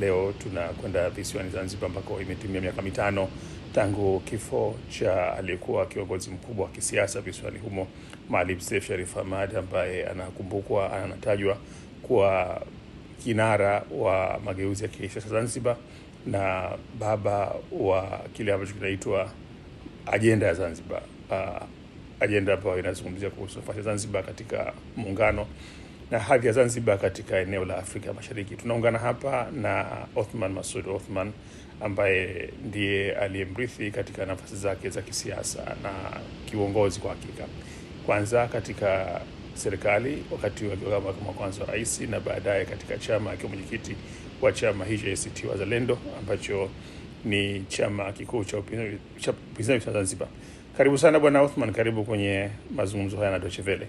leo tunakwenda visiwani Zanzibar ambako imetimia miaka mitano tangu kifo cha aliyekuwa kiongozi mkubwa wa kisiasa visiwani humo Maalim Seif Sharif Hamad ambaye anakumbukwa, anatajwa kuwa kinara wa mageuzi ya kisiasa Zanzibar na baba wa kile ambacho kinaitwa ajenda ya Zanzibar, uh, ajenda ambayo inazungumzia kuhusu nafasi ya Zanzibar katika muungano na hadhi ya Zanzibar katika eneo la Afrika Mashariki. Tunaungana hapa na Othman Masud Othman ambaye ndiye aliyemrithi katika nafasi zake za kisiasa na kiuongozi. Kwa hakika, kwanza katika serikali wakati wakiwa wa kwanza wa rais na baadaye katika chama akiwa mwenyekiti wa chama hicho ACT Wazalendo ambacho ni chama kikuu cha upinzani cha Zanzibar. Karibu sana Bwana Othman, karibu kwenye mazungumzo haya na Deutsche Welle.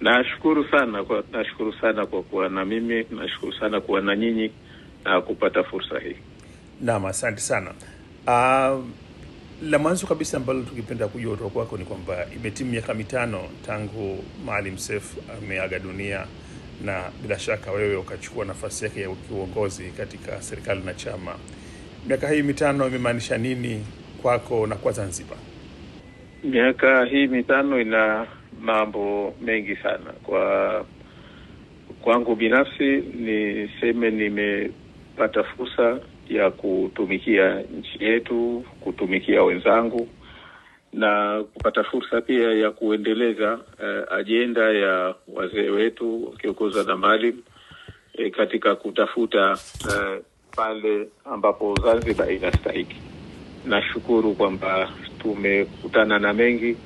Nashukuru sana kwa, nashukuru sana kwa kuwa na mimi, nashukuru sana kuwa na nyinyi na kupata fursa hii. Naam, asante sana. Uh, la mwanzo kabisa ambalo tukipenda kujua kutoka kwako ni kwamba imetimu miaka mitano tangu Maalim Seif ameaga dunia na bila shaka wewe ukachukua nafasi yake ya kiuongozi katika serikali na chama. Miaka hii mitano imemaanisha nini kwako na kwa Zanzibar? Miaka hii mitano ina mambo mengi sana. Kwa kwangu binafsi niseme nimepata fursa ya kutumikia nchi yetu, kutumikia wenzangu na kupata fursa pia ya kuendeleza uh, ajenda ya wazee wetu wakiongozwa na Maalim e, eh, katika kutafuta uh, pale ambapo Zanzibar inastahiki. Nashukuru kwamba tumekutana na mengi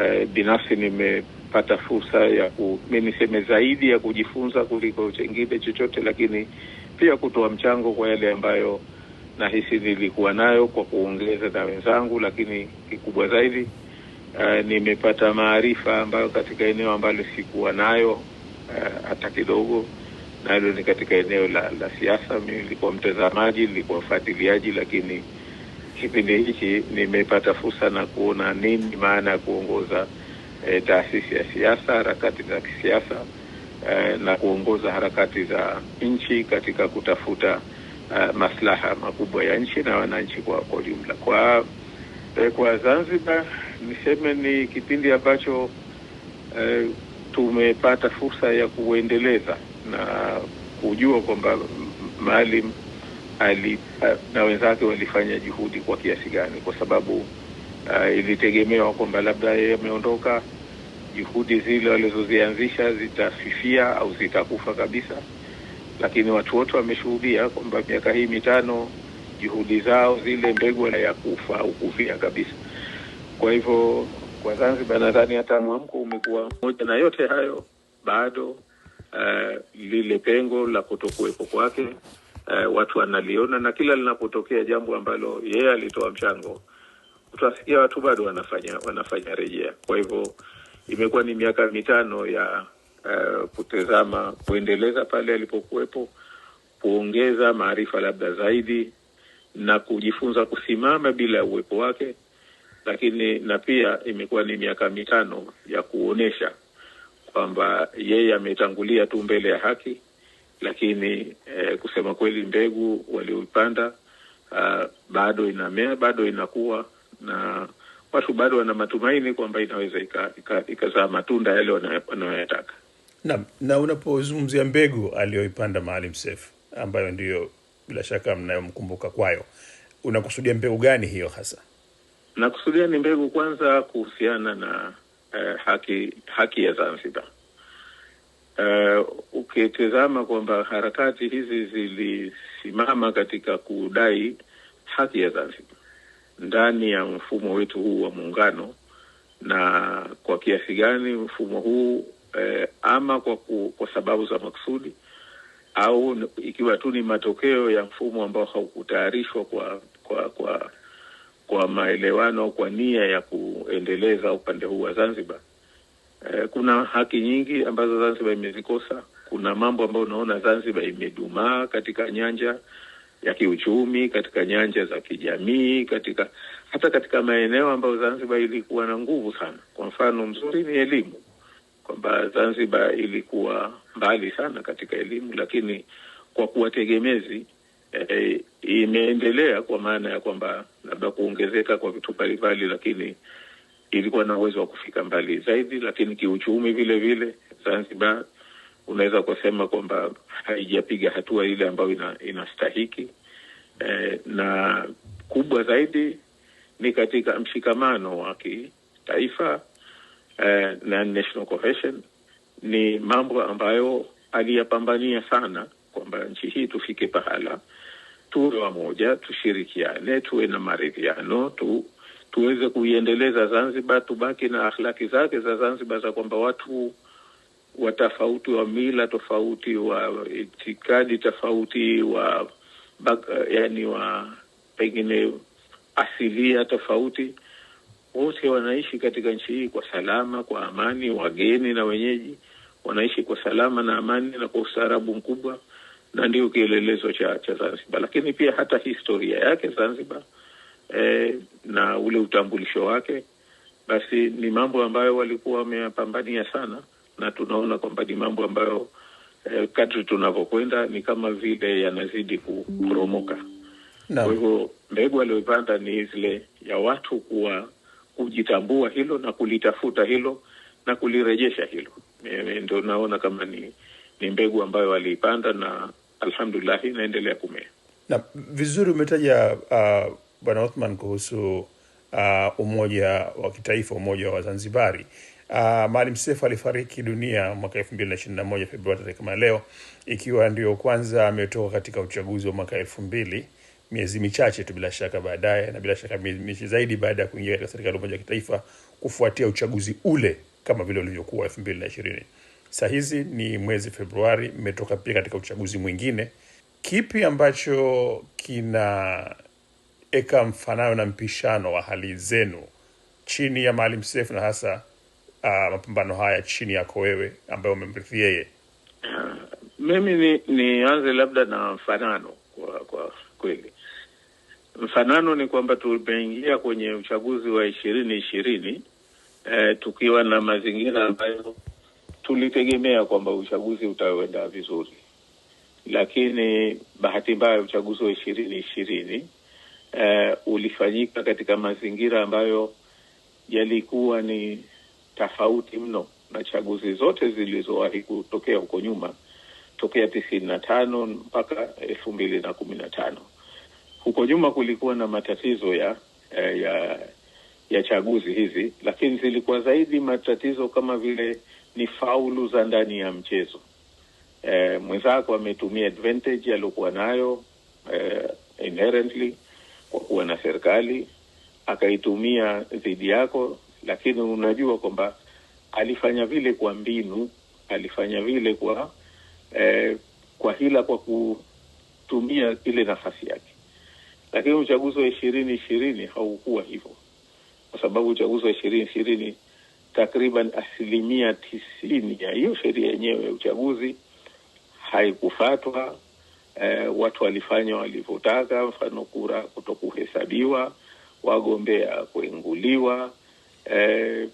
eh, binafsi nimepata fursa ya ku, niseme zaidi ya kujifunza kuliko chengine chochote, lakini pia kutoa mchango kwa yale ambayo nahisi nilikuwa nayo kwa kuongeza na wenzangu, lakini kikubwa zaidi Uh, nimepata maarifa ambayo katika eneo ambalo sikuwa nayo eh, hata uh, kidogo, nalo ni katika eneo la, la siasa. Mi nilikuwa mtazamaji, nilikuwa mfuatiliaji, lakini kipindi hichi nimepata fursa na kuona nini maana ya kuongoza e, taasisi ya siasa, harakati za kisiasa e, na kuongoza harakati za nchi katika kutafuta a, eh, maslaha makubwa ya nchi na wananchi kwa kwa ujumla. Kwa e, kwa Zanzibar niseme ni kipindi ambacho e, tumepata fursa ya kuendeleza na kujua kwamba Maalim ali, na wenzake walifanya juhudi kwa kiasi gani, kwa sababu uh, ilitegemewa kwamba labda yeye ameondoka, juhudi zile walizozianzisha zitafifia au zitakufa kabisa, lakini watu wote wameshuhudia kwamba miaka hii mitano juhudi zao zile mbegu ya kufa au kufia kabisa. Kwa hivyo kwa Zanzibar nadhani hata mwamko umekuwa moja, na yote hayo bado uh, lile pengo la kutokuwepo kwake eh, watu wanaliona, na kila linapotokea jambo ambalo yeye alitoa mchango, utasikia watu bado wanafanya wanafanya rejea. Kwa hivyo imekuwa ni miaka mitano ya uh, eh, kutazama, kuendeleza pale alipokuwepo, kuongeza maarifa labda zaidi na kujifunza kusimama bila ya uwepo wake, lakini na pia imekuwa ni miaka mitano ya kuonyesha kwamba yeye ametangulia tu mbele ya haki lakini eh, kusema kweli mbegu walioipanda uh, bado inamea, bado inakuwa na watu bado wana matumaini kwamba inaweza ikazaa ika, ika matunda yale wanayoyataka. nam na unapozungumzia mbegu aliyoipanda Maalim sef ambayo ndiyo bila shaka mnayomkumbuka kwayo, unakusudia mbegu gani hiyo hasa? Nakusudia ni mbegu kwanza kuhusiana na eh, haki haki ya Zanzibar ukitizama uh, okay, kwamba harakati hizi zilisimama katika kudai haki ya Zanzibar ndani ya mfumo wetu huu wa muungano, na kwa kiasi gani mfumo huu eh, ama kwa, ku, kwa sababu za maksudi au ikiwa tu ni matokeo ya mfumo ambao haukutayarishwa kwa kwa kwa kwa maelewano au kwa nia ya kuendeleza upande huu wa Zanzibar eh, kuna haki nyingi ambazo Zanzibar imezikosa. Kuna mambo ambayo unaona Zanzibar imedumaa katika nyanja ya kiuchumi, katika nyanja za kijamii, katika hata katika maeneo ambayo Zanzibar ilikuwa na nguvu sana. Kwa mfano mzuri ni elimu, kwamba Zanzibar ilikuwa mbali sana katika elimu, lakini kwa kuwa tegemezi eh, imeendelea kwa maana ya kwamba labda kuongezeka kwa vitu mbalimbali, lakini ilikuwa na uwezo wa kufika mbali zaidi, lakini kiuchumi vile vile Zanzibar unaweza kusema kwamba haijapiga hatua ile ambayo ina, inastahiki e, na kubwa zaidi ni katika mshikamano wa kitaifa e, na national cohesion. Ni mambo ambayo aliyapambania sana kwamba nchi hii tufike pahala tuwe wamoja, tushirikiane, tuwe na maridhiano tu tuweze kuiendeleza Zanzibar, tubaki na akhlaki zake za Zanzibar za kwamba watu wa tofauti, wa mila tofauti, wa itikadi tofauti, wa baka, yani wa pengine asilia tofauti, wote wanaishi katika nchi hii kwa salama, kwa amani, wageni na wenyeji wanaishi kwa salama na amani na kwa ustaarabu mkubwa, na ndio kielelezo cha, cha Zanzibar. Lakini pia hata historia yake Zanzibar eh, na ule utambulisho wake, basi ni mambo ambayo walikuwa wameyapambania sana, na tunaona kwamba ni mambo ambayo eh, kadri tunavyokwenda ni kama vile yanazidi kuporomoka. No. Kwa hivyo mbegu aliyopanda ni zile ya watu kuwa kujitambua hilo na kulitafuta hilo na kulirejesha hilo. E, ndio naona kama ni, ni mbegu ambayo waliipanda na alhamdulillah inaendelea kumea. Na vizuri umetaja uh, Bwana Othman kuhusu uh, umoja wa kitaifa, umoja wa Zanzibari. Uh, Maalim sefu alifariki dunia mwaka moja Februari tarehe kama leo, ikiwa ndio kwanza ametoka katika uchaguzi wa mwaka elfu mbili miezi michache tu bila shaka baadaye na bila shaka miezi zaidi baada ya kuingia katika serikali umoja wa kitaifa kufuatia uchaguzi ule kama vile ulivyokuwa elfu mbili na ishirini. Saa hizi ni mwezi Februari, mmetoka pia katika uchaguzi mwingine. Kipi ambacho kina eka mfanano na mpishano wa hali zenu chini ya Maalim Seif na hasa uh, mapambano haya chini yako wewe ambayo umemrithi yeye? Mimi ni nianze labda na mfanano kwa, kwa kweli mfanano ni kwamba tumeingia kwenye uchaguzi wa ishirini ishirini eh, tukiwa na mazingira ambayo tulitegemea kwamba uchaguzi utaenda vizuri, lakini bahati mbaya uchaguzi wa ishirini ishirini uh, ulifanyika katika mazingira ambayo yalikuwa ni tofauti mno na chaguzi zote zilizowahi kutokea huko nyuma tokea tisini na tano mpaka elfu mbili na kumi na tano. Huko nyuma kulikuwa na matatizo ya eh, ya ya chaguzi hizi, lakini zilikuwa zaidi matatizo kama vile ni faulu za ndani ya mchezo. E, mwenzako ametumia advantage nayo e, inherently kwa kuwa na serikali akaitumia dhidi yako, lakini unajua kwamba alifanya vile kwa mbinu, alifanya vile kwa eh, kwa hila, kwa kutumia ile nafasi yake. Lakini uchaguzi wa ishirini ishirini haukuwa hivyo, kwa sababu uchaguzi wa ishirini ishirini takriban asilimia tisini ya hiyo sheria yenyewe ya uchaguzi haikufatwa eh, watu walifanya walivyotaka, mfano kura kuto kuhesabiwa, wagombea kuenguliwa, eh,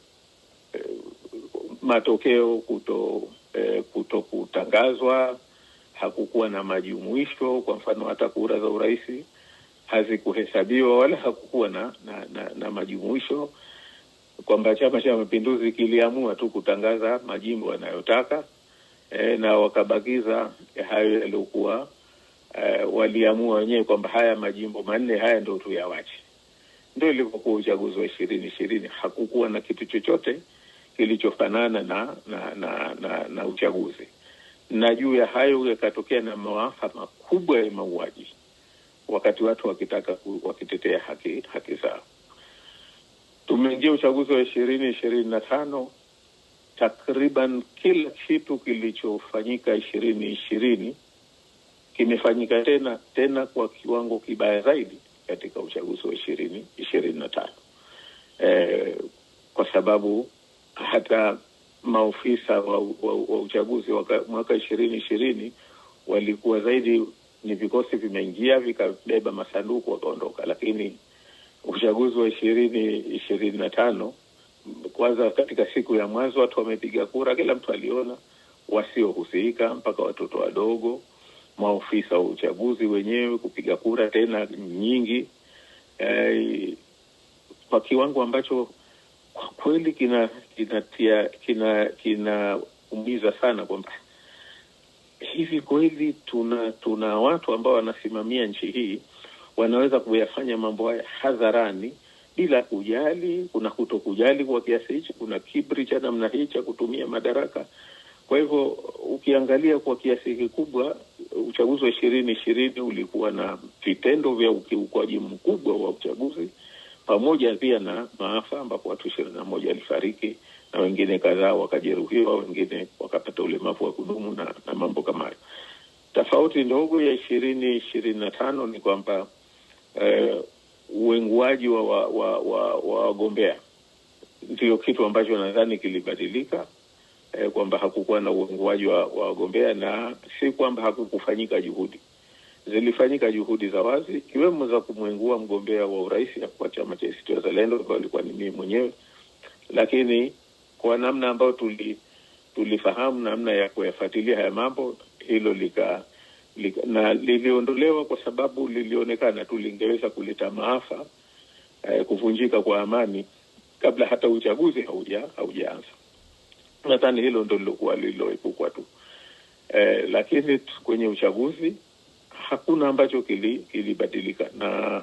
eh, matokeo kuto eh, kuto kutangazwa, hakukuwa na majumuisho. Kwa mfano hata kura za urais hazikuhesabiwa wala hakukuwa na, na, na, na majumuisho kwamba Chama cha Mapinduzi kiliamua tu kutangaza majimbo wanayotaka e, na wakabakiza hayo yaliyokuwa uh, waliamua wenyewe kwamba haya majimbo manne haya ndo tuyawache. Ndo ilivyokuwa uchaguzi wa ishirini ishirini. Hakukuwa na kitu chochote kilichofanana na na, na na na uchaguzi, na juu ya hayo yakatokea na maafa makubwa ya mauaji, wakati watu wakitaka wakitetea haki haki zao. Tumeingia uchaguzi wa ishirini ishirini na tano takriban kila kitu kilichofanyika ishirini ishirini kimefanyika tena tena kwa kiwango kibaya zaidi katika uchaguzi wa ishirini ishirini na tano e, kwa sababu hata maofisa wa, wa, wa uchaguzi waka, mwaka ishirini ishirini walikuwa zaidi ni vikosi vimeingia vikabeba masanduku wakaondoka, lakini uchaguzi wa ishirini ishirini na tano kwanza, katika siku ya mwanzo watu wamepiga kura, kila mtu aliona, wasiohusika mpaka watoto wadogo maofisa wa uchaguzi wenyewe kupiga kura tena nyingi eh, kwa kiwango ambacho kwa kweli kina kinatia kina kinaumiza sana kwamba hivi kweli tuna tuna watu ambao wanasimamia nchi hii wanaweza kuyafanya mambo haya hadharani bila kujali, kuna kuto kujali kwa kiasi hichi, kuna kibri cha namna hii cha kutumia madaraka kwa hivyo ukiangalia kwa kiasi kikubwa uchaguzi wa ishirini ishirini ulikuwa na vitendo vya ukiukwaji mkubwa wa uchaguzi pamoja pia na maafa ambapo watu ishirini na moja walifariki na wengine kadhaa wakajeruhiwa, wengine wakapata ulemavu wa kudumu na, na mambo kama hayo. Tofauti ndogo ya ishirini ishirini na tano ni kwamba eh, uenguaji wa wagombea wa, wa, wa ndio kitu ambacho nadhani kilibadilika eh, kwamba hakukuwa na uongoaji wa wagombea, na si kwamba hakukufanyika juhudi. Zilifanyika juhudi za wazi, ikiwemo za kumwengua mgombea wa urais wa chama cha ACT Wazalendo ambayo alikuwa ni mii mwenyewe, lakini kwa namna ambayo tuli tulifahamu namna ya kuyafuatilia haya mambo, hilo lika, lika na liliondolewa kwa sababu lilionekana tu lingeweza kuleta maafa eh, kuvunjika kwa amani kabla hata uchaguzi hauja haujaanza. Nadhani hilo ndo lilokuwa lililoepukwa tu e, lakini kwenye uchaguzi hakuna ambacho kilibadilika kili na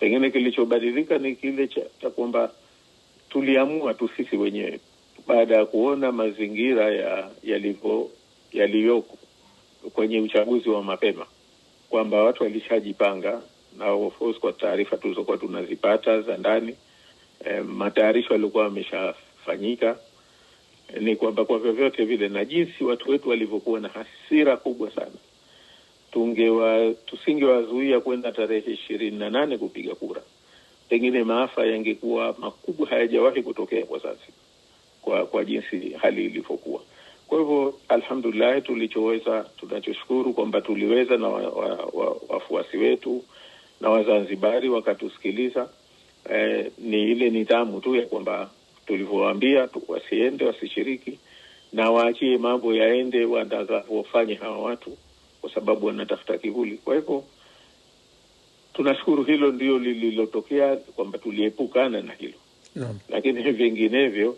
pengine kilichobadilika ni kile cha, cha kwamba tuliamua tu sisi wenyewe baada ya kuona mazingira ya yalivyo yaliyoko kwenye uchaguzi wa mapema kwamba watu walishajipanga na of course kwa taarifa tulizokuwa tunazipata za ndani e, matayarisho yaliokuwa ameshafanyika ni kwamba kwa vyovyote vile, na jinsi watu wetu walivyokuwa na hasira kubwa sana, tungewa tusingewazuia kwenda tarehe ishirini na nane kupiga kura, pengine maafa yangekuwa makubwa, hayajawahi kutokea kwa sasa, kwa kwa jinsi hali ilivyokuwa. Kwa hivyo alhamdulilahi tulichoweza tunachoshukuru kwamba tuliweza na wafuasi wa, wa, wetu na Wazanzibari wakatusikiliza. Eh, ni ile nidhamu tu ya kwamba tulivyowaambia wasiende, wasishiriki na waachie mambo yaende wafanye hawa watu, kwa sababu wanatafuta kivuli. Kwa hivyo tunashukuru hilo ndio lililotokea, kwamba tuliepukana na hilo no. Lakini vinginevyo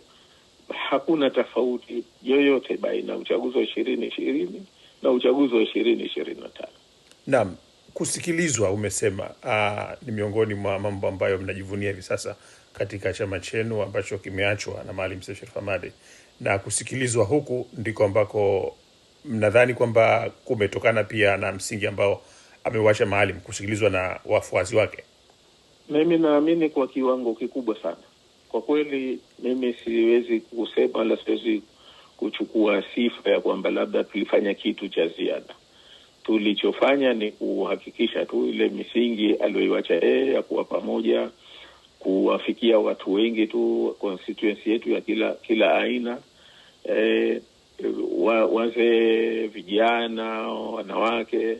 hakuna tofauti yoyote baina uchaguzi wa ishirini ishirini na uchaguzi wa ishirini ishirini na tano. Naam, kusikilizwa umesema, aa, ah, ni miongoni mwa mambo ambayo mnajivunia hivi sasa katika chama chenu ambacho kimeachwa na Maalim Seif Sharif Hamad na kusikilizwa huku ndiko ambako mnadhani kwamba kumetokana pia na msingi ambao amewacha Maalim, kusikilizwa na wafuasi wake? Mimi naamini kwa kiwango kikubwa sana. Kwa kweli, mimi siwezi kusema wala siwezi kuchukua sifa ya kwamba labda tulifanya kitu cha ziada. Tulichofanya ni kuhakikisha tu ile misingi aliyoiwacha yeye ya kuwa pamoja kuwafikia watu wengi tu constituency yetu ya kila kila aina e, wa, wazee, vijana, wanawake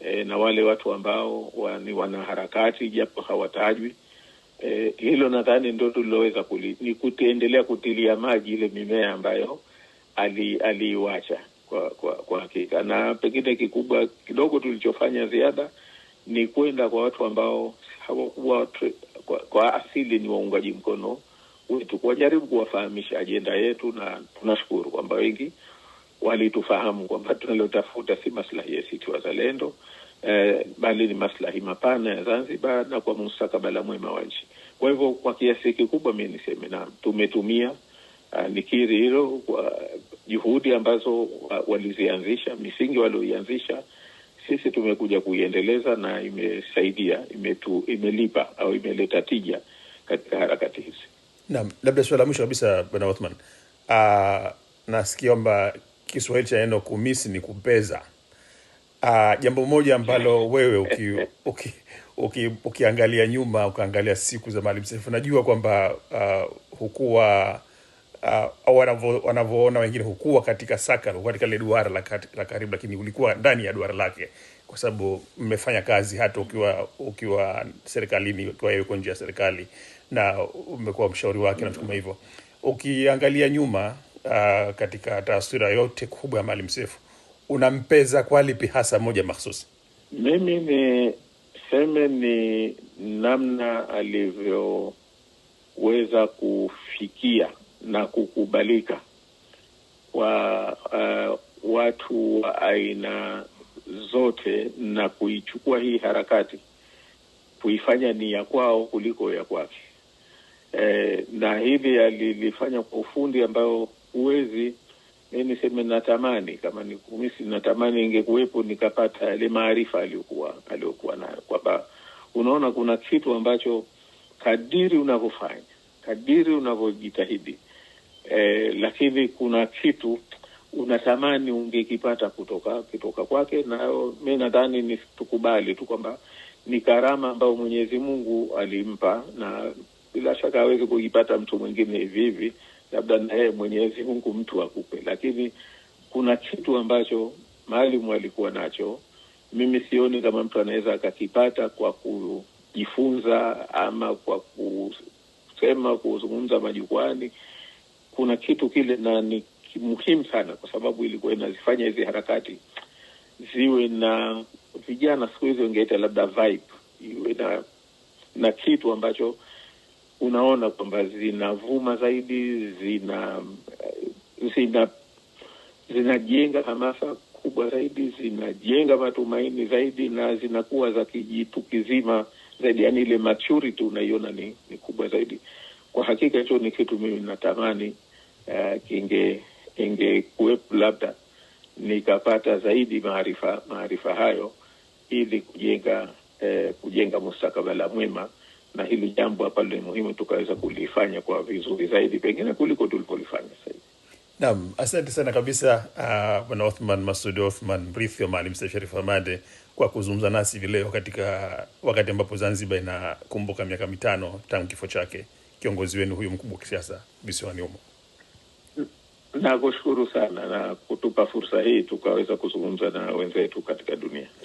e, na wale watu ambao wa, ni wanaharakati japo hawatajwi. E, hilo nadhani ndo tuliloweza ni kuendelea kutilia maji ile mimea ambayo aliiwacha ali kwa kwa kwa hakika, na pengine kikubwa kidogo tulichofanya ziada ni kwenda kwa watu ambao hawakuwa kwa, kwa asili ni waungaji mkono wetu kuwajaribu kuwafahamisha ajenda yetu, na tunashukuru kwamba wengi walitufahamu kwamba tunalotafuta si maslahi ya ACT Wazalendo eh, bali ni maslahi mapana ya Zanzibar na kwa mustakabala mwema wa nchi. Kwa hivyo kwa kiasi kikubwa mi niseme na tumetumia uh, nikiri hilo kwa juhudi ambazo uh, walizianzisha, misingi walioianzisha sisi tumekuja kuiendeleza na imesaidia, imetu, imelipa au imeleta tija katika harakati hizi. Naam, labda swala la mwisho kabisa Bwana Othman, ah, nasikia kwamba Kiswahili cha neno kumisi ni kupeza. Ah, jambo moja ambalo wewe uki, uki, uki, ukiangalia nyuma ukaangalia siku za Maalim Seif unajua kwamba uh, hukuwa uh, wanavyoona wengine hukuwa katika saka katika ile duara la, la karibu, lakini ulikuwa ndani ya duara lake, kwa sababu mmefanya kazi hata ukiwa ukiwa serikalini, ukiwa yuko nje ya serikali na umekuwa mshauri wake na kama hivyo. Ukiangalia nyuma uh, katika taswira yote kubwa ya Maalim Seif, unampeza kwa lipi hasa moja mahsusi? Mimi ni seme ni namna alivyoweza kufikia na kukubalika kwa uh, watu wa aina zote na kuichukua hii harakati kuifanya ni ya kwao kuliko ya kwake. E, na hivi alilifanya kwa ufundi ambayo huwezi mi niseme natamani kama nikumisi natamani ingekuwepo nikapata yale maarifa aliyokuwa aliyokuwa nayo, kwamba unaona kuna kitu ambacho kadiri unavyofanya kadiri unavyojitahidi eh, lakini kuna kitu unatamani ungekipata kutoka kutoka kwake, na mi nadhani ni tukubali tu kwamba ni karama ambayo Mwenyezi Mungu alimpa, na bila shaka hawezi kuipata mtu mwingine hivi hivi, labda naye Mwenyezi Mungu mtu akupe, lakini kuna kitu ambacho Maalimu alikuwa nacho. Mimi sioni kama mtu anaweza akakipata kwa kujifunza ama kwa kusema, kuzungumza majukwani kuna kitu kile, na ni muhimu sana, kwa sababu ilikuwa inazifanya hizi harakati ziwe na vijana, siku hizi wangeita labda vibe, iwe na na kitu ambacho unaona kwamba zinavuma zaidi, zina zina zinajenga hamasa kubwa zaidi, zinajenga matumaini zaidi, na zinakuwa za kijitu kizima zaidi, yaani ile maturity unaiona ni, ni kubwa zaidi. Kwa hakika hicho ni kitu mimi natamani Eh, kinge ingekuwepo labda nikapata zaidi maarifa maarifa hayo ili kujenga eh, kujenga mustakabala mwema, na hili jambo ambalo ni muhimu tukaweza kulifanya kwa vizuri zaidi pengine kuliko tulipolifanya sasa. Naam, asante sana kabisa ah, bwana uh, Othman Masud Othman mrithi wa Maalim Seif Sharif kwa kuzungumza nasi vileo katika wakati ambapo Zanzibar inakumbuka miaka mitano tangu kifo chake, kiongozi wenu huyu mkubwa wa kisiasa visiwani humo. Nakushukuru sana na kutupa fursa hii tukaweza kuzungumza na wenzetu katika dunia.